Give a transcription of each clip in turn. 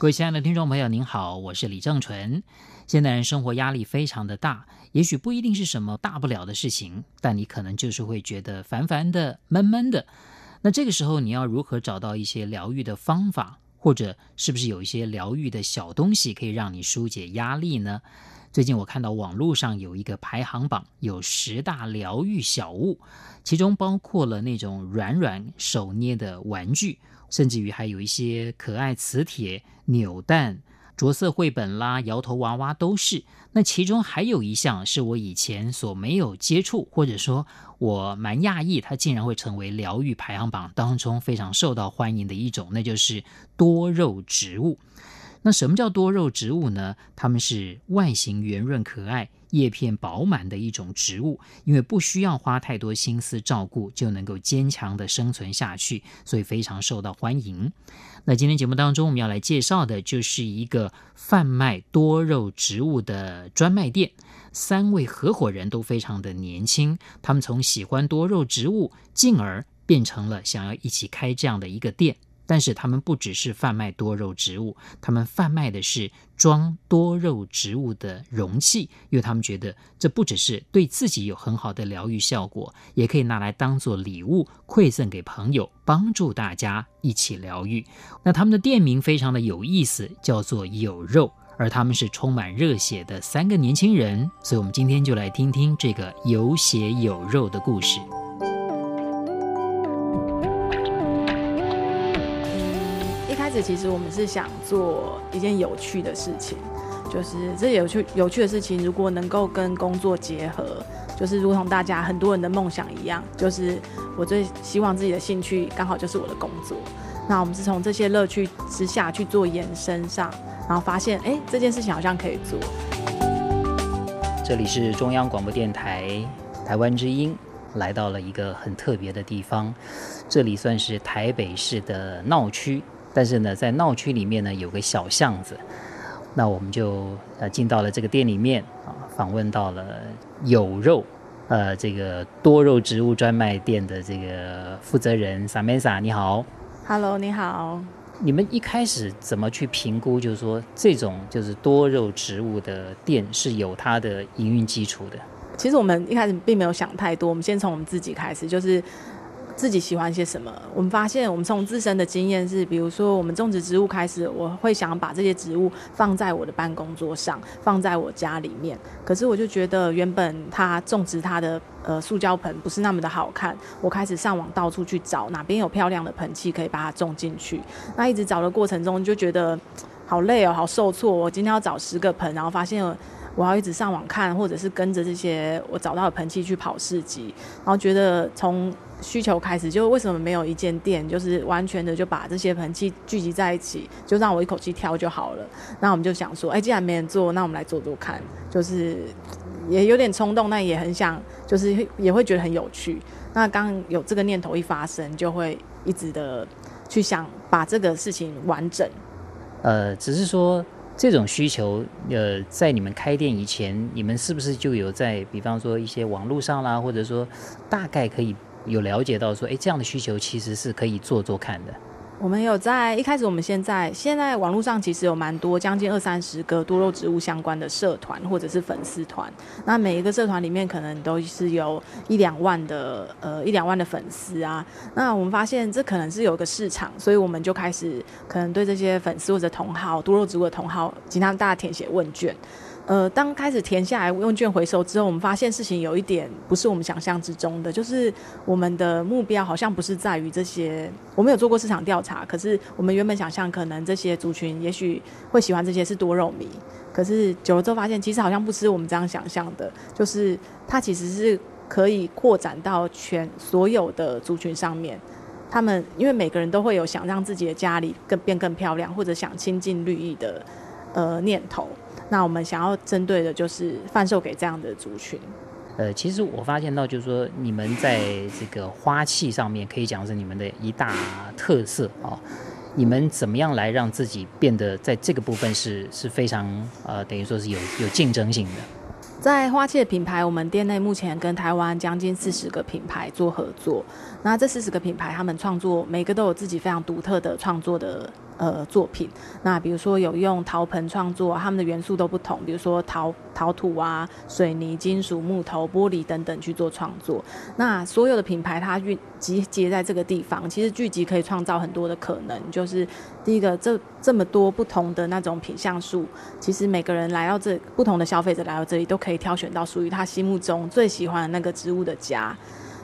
各位親愛的聽眾朋友，您好，我是李正淳。現代人生活壓力非常的大，也許不一定是什麼大不了的事情，但你可能就是會覺得煩煩的、悶悶的。那這個時候，你要如何找到一些療癒的方法，或者是不是有一些療癒的小東西可以讓你疏解壓力呢？最近我看到網絡上有一個排行榜，有十大療癒小物，其中包括了那種軟軟手捏的玩具。甚至於還有一些可愛磁鐵、扭蛋、着色繪本啦、搖頭娃娃都是。那其中還有一項是我以前所沒有接觸，或者說我蠻訝異，它竟然會成為療癒排行榜當中非常受到歡迎的一種，那就是多肉植物。那什麼叫多肉植物呢？它們是外形圓潤可愛、葉片飽滿的一種植物，因為不需要花太多心思照顧就能夠堅強的生存下去，所以非常受到歡迎。那今天節目當中我們要來介紹的就是一個販賣多肉植物的專賣店，三位合夥人都非常的年輕，他們從喜歡多肉植物，進而變成了想要一起開這樣的一個店。但是他們不只是販賣多肉植物，他們販賣的是裝多肉植物的容器，因為他們覺得這不只是對自己有很好的療癒效果，也可以拿來當做禮物饋贈給朋友，幫助大家一起療癒。那他們的店名非常的有意思，叫做“有肉”，而他們是充滿熱血的三個年輕人，所以我們今天就來聽聽這個有血有肉的故事。其實我們是想做一件有趣的事情，就是這有趣有趣的事情，如果能夠跟工作結合，就是如同大家很多人的夢想一樣，就是我最希望自己的興趣剛好就是我的工作。那我們是從這些樂趣之下去做延伸上，然後發現，誒，這件事情好像可以做。這裡是中央廣播電台台灣之音，來到了一個很特別的地方，這裡算是台北市的鬧區。但是呢，在鬧區裡面呢，有個小巷子，那我們就呃進到了這個店裡面啊，訪問到了有肉，呃，這個多肉植物專賣店的這個負責人 Samesa 你好，Hello，你好，你們一開始怎麼去評估，就是說，這種就是多肉植物的店是有它的營運基礎的？其實我們一開始並沒有想太多，我們先從我們自己開始，就是。自己喜歡些什麼？我們發現，我們從自身的經驗是，比如說我們種植植物開始，我會想把這些植物放在我的辦公桌上，放在我家裡面。可是我就覺得，原本它種植它的呃塑膠盆不是那麼的好看，我開始上網到處去找哪邊有漂亮的盆器可以把它種進去。那一直找的過程中，就覺得好累哦，好受挫。我今天要找十個盆，然後發現。我要一直上網看，或者是跟着這些我找到的盆器去跑市集，然後覺得從需求開始，就為什麼沒有一間店，就是完全的就把這些盆器聚集在一起，就讓我一口氣挑就好了。那我們就想說，哎、欸，既然沒人做，那我們來做做看，就是也有點衝動，但也很想，就是也會覺得很有趣。那剛有這個念頭一發生，就會一直的去想把這個事情完整。呃，只是說。這種需求，呃，在你們開店以前，你們是不是就有在，比方說一些網絡上啦，或者說大概可以有了解到說，哎，這樣的需求其實是可以做做看的？我們有在一開始，我們現在現在網絡上其實有蠻多，將近二三十個多肉植物相關的社團或者是粉絲團。那每一個社團裡面可能都是有一兩萬的呃一兩萬的粉絲啊。那我們發現這可能是有一個市場，所以我們就開始可能對這些粉絲或者同好多肉植物的同好，經常大家填寫問卷。呃，當開始填下來問卷回收之後，我們發現事情有一點不是我們想象之中的，就是我們的目標好像不是在於這些。我們有做過市場調查，可是我們原本想象可能這些族群也許會喜歡這些是多肉迷，可是久了之後發現，其實好像不是我們這樣想象的，就是它其實是可以擴展到全所有的族群上面。他們因為每個人都會有想讓自己的家裡更變更漂亮，或者想親近綠意的呃念頭。那我們想要針對的就是販售給這樣的族群。呃，其實我發現到就是說，你們在這個花器上面可以講是你們的一大特色啊、哦。你們怎麼樣來讓自己變得在這個部分是是非常呃，等於說是有有競爭性的？在花器的品牌，我們店內目前跟台灣將近四十個品牌做合作。那這四十個品牌，他們創作每個都有自己非常獨特的創作的。呃，作品，那比如說有用陶盆創作，他們的元素都不同，比如說陶陶土啊、水泥、金屬、木頭、玻璃等等去做創作。那所有的品牌它聚集結在這個地方，其實聚集可以創造很多的可能。就是第一個，這這麼多不同的那種品項數，其實每個人來到這，不同的消費者來到這裡，都可以挑選到屬於他心目中最喜歡的那個植物的家。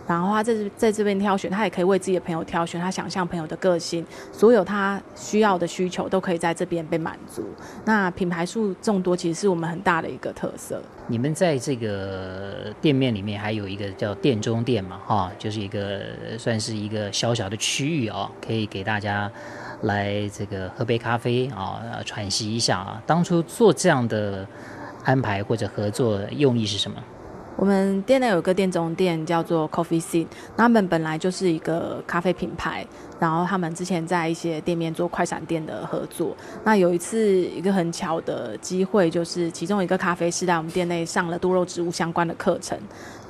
然後他在這在這邊挑選，他也可以為自己的朋友挑選，他想象朋友的個性，所有他需要的需求都可以在這邊被滿足。那品牌數眾多，其實是我們很大的一個特色。你們在這個店面裡面還有一個叫店中店嘛，哈、哦，就是一個算是一個小小的區域哦，可以給大家來這個喝杯咖啡啊、哦，喘息一下啊。當初做這樣的安排或者合作用意是什麼？我們店內有一個店中店，叫做 Coffee Scene，那他們本來就是一個咖啡品牌。然後他們之前在一些店面做快閃店的合作。那有一次一個很巧的機會，就是其中一個咖啡師在我們店內上了多肉植物相關的課程。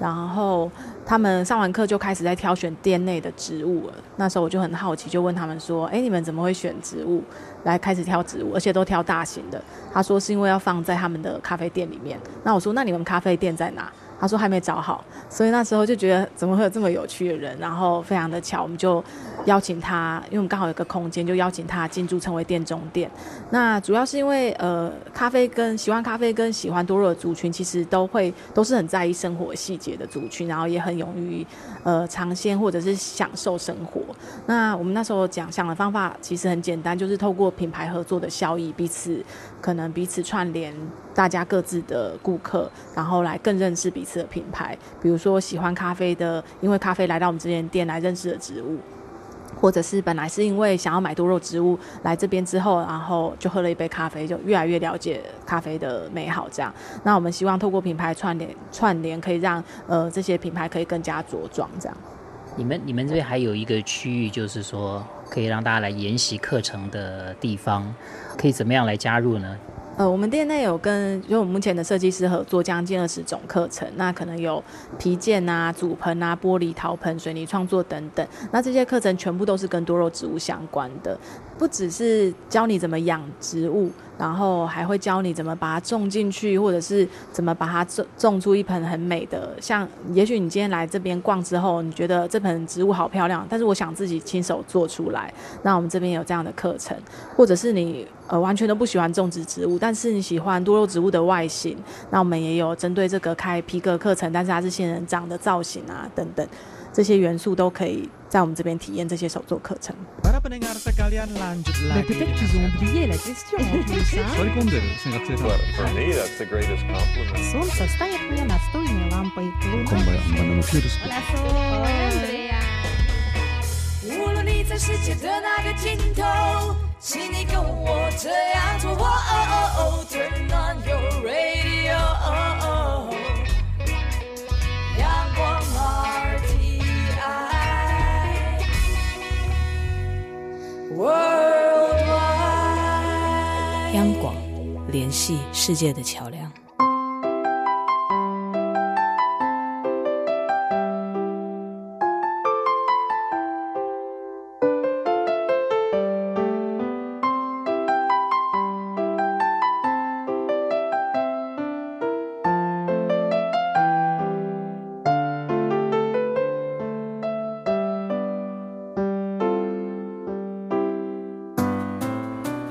然後他們上完課就開始在挑選店內的植物了。那時候我就很好奇，就問他們說：“哎，你們怎麼會選植物來開始挑植物，而且都挑大型的？”他說：“是因為要放在他們的咖啡店裡面。”那我說：“那你們咖啡店在哪？”他說：“還沒找好。”所以那時候就覺得怎麼會有這麼有趣的人，然後非常的巧，我們就邀請。他，因為剛好有個空間，就邀請他進駐成為店中店。那主要是因為，呃，咖啡跟喜歡咖啡跟喜歡多肉的族群，其實都會都是很在意生活細節的族群，然後也很勇於，呃，嘗鮮或者是享受生活。那我們那時候講想的方法其實很簡單，就是透過品牌合作的效益，彼此可能彼此串聯大家各自的顧客，然後來更認識彼此的品牌。比如說喜歡咖啡的，因為咖啡來到我們這間店來認識的植物。或者是本來是因為想要買多肉植物來這邊之後，然後就喝了一杯咖啡，就越來越了解咖啡的美好，這樣。那我們希望透過品牌串聯，串聯可以讓呃這些品牌可以更加茁壯，這樣。你們你們這邊還有一個區域，就是說可以讓大家來研習課程的地方，可以怎麼樣來加入呢？呃，我們店內有跟就我們目前的設計師合作將近二十種課程，那可能有皮件啊、組盆啊、玻璃、陶盆、水泥創作等等，那這些課程全部都是跟多肉植物相關的，不只是教你怎麼養植物。然後還會教你怎麼把它種進去，或者是怎麼把它種種出一盆很美的。像，也許你今天來這邊逛之後，你覺得這盆植物好漂亮，但是我想自己親手做出來。那我們這邊也有這樣的課程，或者是你呃完全都不喜歡種植植物，但是你喜歡多肉植物的外形，那我們也有針對這個開皮革課程，但是它是仙人掌的造型啊，等等。這些元素都可以在我們這邊體驗這些手作課程。Worldwide 央廣，聯繫世界的橋梁。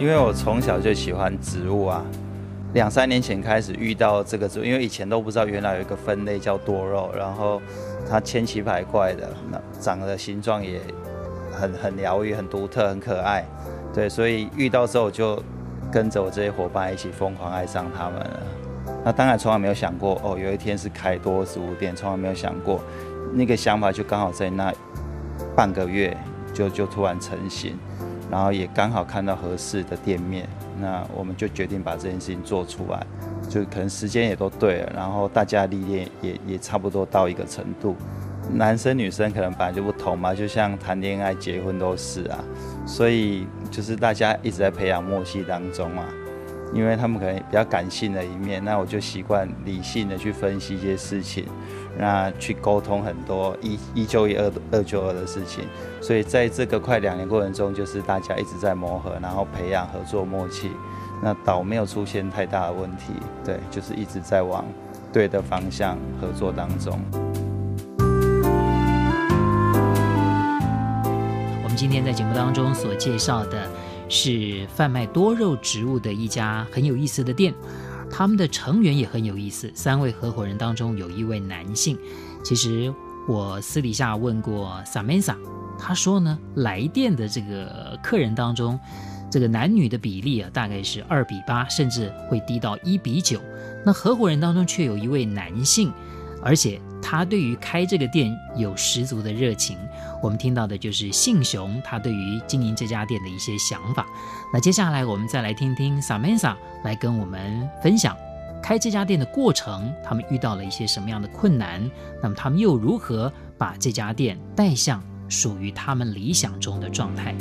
因為我從小就喜歡植物啊，兩三年前開始遇到這個植物，因為以前都不知道原來有一個分類叫多肉，然後它千奇百怪的，那長的形狀也很很療癒、很獨特、很可愛，對，所以遇到之後就跟着我這些夥伴一起瘋狂愛上它們了。那當然從來沒有想過哦，有一天是開多植物店，從來沒有想過那個想法，就剛好在那半個月就就突然成型。然後也剛好看到合適的店面，那我們就決定把這件事情做出來，就可能時間也都對了，然後大家歷練也也差不多到一個程度，男生女生可能本來就不同嘛，就像談戀愛、結婚都是啊，所以就是大家一直在培養默契當中啊。因為他們可能比較感性的一面，那我就習慣理性的去分析一些事情，那去溝通很多一一就一，二二就二的事情。所以在這個快兩年過程中，就是大家一直在磨合，然後培養合作默契，那倒沒有出現太大的問題。對，就是一直在往對的方向合作當中。我們今天在節目當中所介紹的。是販賣多肉植物的一家很有意思的店，他們的成員也很有意思。三位合夥人當中有一位男性，其實我私底下問過 Samantha，他說呢，來店的這個客人當中，這個男女的比例啊大概是二比八，甚至會低到一比九。那合夥人當中卻有一位男性，而且。他對於開這個店有十足的熱情，我們聽到的就是信雄，他對於經營這家店的一些想法。那接下來我們再來聽聽 Samantha 來跟我們分享開這家店的過程，他們遇到了一些什麼樣的困難，那麼他們又如何把這家店帶向屬於他們理想中的狀態？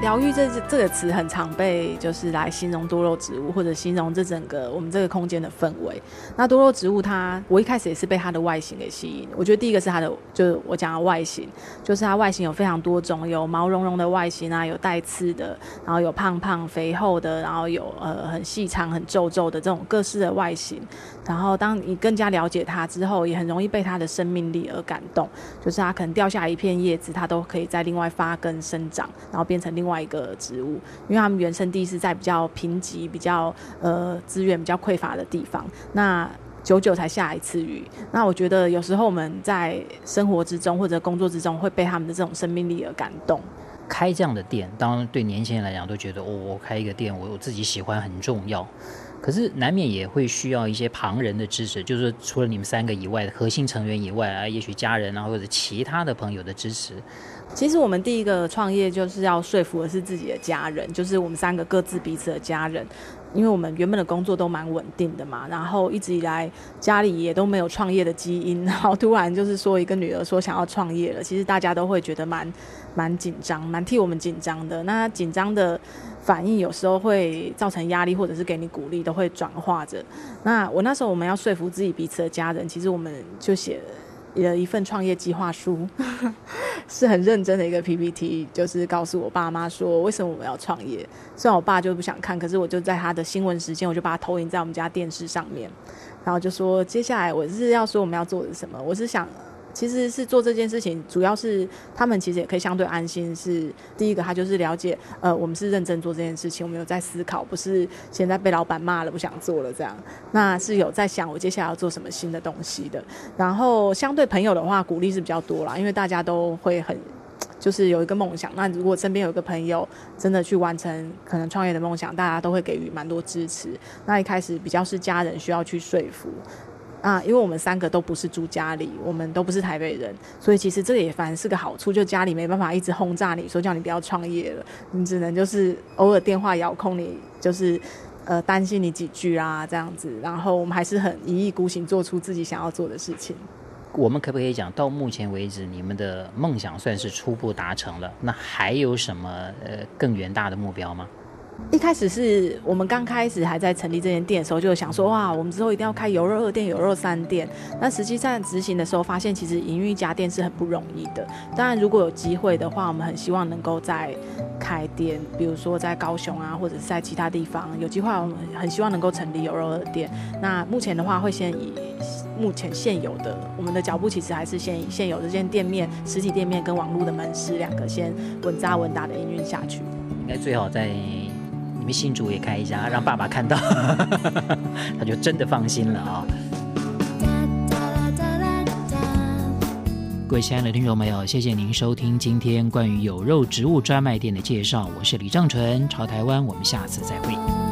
療癒這這個詞很常被就是來形容多肉植物，或者形容這整個我們這個空間的氛圍。那多肉植物它，我一開始也是被它的外形給吸引。我覺得第一個是它的，就是我講的外形，就是它外形有非常多種，有毛茸茸的外形啊，有帶刺的，然後有胖胖肥厚的，然後有呃很細長很皺皺的這種各式的外形。然後當你更加了解它之後，也很容易被它的生命力而感動。就是它可能掉下一片葉子，它都可以再另外發根生長，然後變成另。另外一個植物，因為他們原生地是在比較貧瘠、比較呃資源比較匱乏的地方。那久久才下一次雨，那我覺得有時候我們在生活之中或者工作之中會被他們的這種生命力而感動。開這樣的店，當然對年輕人來講都覺得，我、哦、我開一個店，我我自己喜歡很重要。可是難免也會需要一些旁人的支持，就是除了你們三個以外的核心成員以外啊，也許家人啊或者其他的朋友的支持。其實我們第一個創業就是要說服的是自己的家人，就是我們三個各自彼此的家人。因為我們原本的工作都蠻穩定的嘛，然後一直以來家裡也都沒有創業的基因，然後突然就是說一個女兒說想要創業了，其實大家都會覺得蠻蠻緊張，蠻替我們緊張的。那緊張的反應有時候會造成壓力，或者是給你鼓勵，都會轉化着。那我那時候我們要說服自己彼此的家人，其實我們就寫。也有一份創業計劃書， 是很認真的一個 PPT，就是告訴我爸媽說，為什麼我們要創業。雖然我爸就不想看，可是我就在他的新聞時間，我就把它投影在我們家電視上面，然後就說接下來我是要說我們要做的什麼，我是想。其實是做這件事情，主要是他們其實也可以相對安心。是第一個，他就是了解，呃，我們是認真做這件事情，我們有在思考，不是現在被老闆罵了不想做了這樣。那是有在想我接下來要做什麼新的東西的。然後相對朋友的話，鼓勵是比較多啦，因為大家都會很，就是有一個夢想。那如果身邊有一個朋友真的去完成可能創業的夢想，大家都會給予蠻多支持。那一開始比較是家人需要去說服。啊，因為我們三個都不是住家裡，我們都不是台北人，所以其實這也反而是個好處，就家裡沒辦法一直轟炸你，說叫你不要創業了，你只能就是偶爾電話遙控你，就是，呃，擔心你幾句啊這樣子。然後我們還是很一意孤行，做出自己想要做的事情。我們可不可以講到目前為止，你們的夢想算是初步達成了？那還有什麼呃更遠大的目標嗎？一開始是我們剛開始還在成立這間店的時候，就想說哇，我們之後一定要開有肉二店、有肉三店。那實際上執行的時候，發現其實營運一家店是很不容易的。當然，如果有機會的話，我們很希望能夠再開店，比如說在高雄啊，或者是在其他地方。有機會。我們很希望能夠成立有肉二店。那目前的話，會先以目前現有的我們的腳步，其實還是先以現有這間店面、實體店面跟網絡的門市兩個，先穩扎穩打的營運下去。應該最好在。新主也開一下，讓爸爸看到。呵呵，他就真的放心了啊、哦！嗯，各位親愛的聽眾朋友，謝謝您收聽今天關於有肉植物專賣店的介紹，我是李正淳，朝台灣，我們下次再會。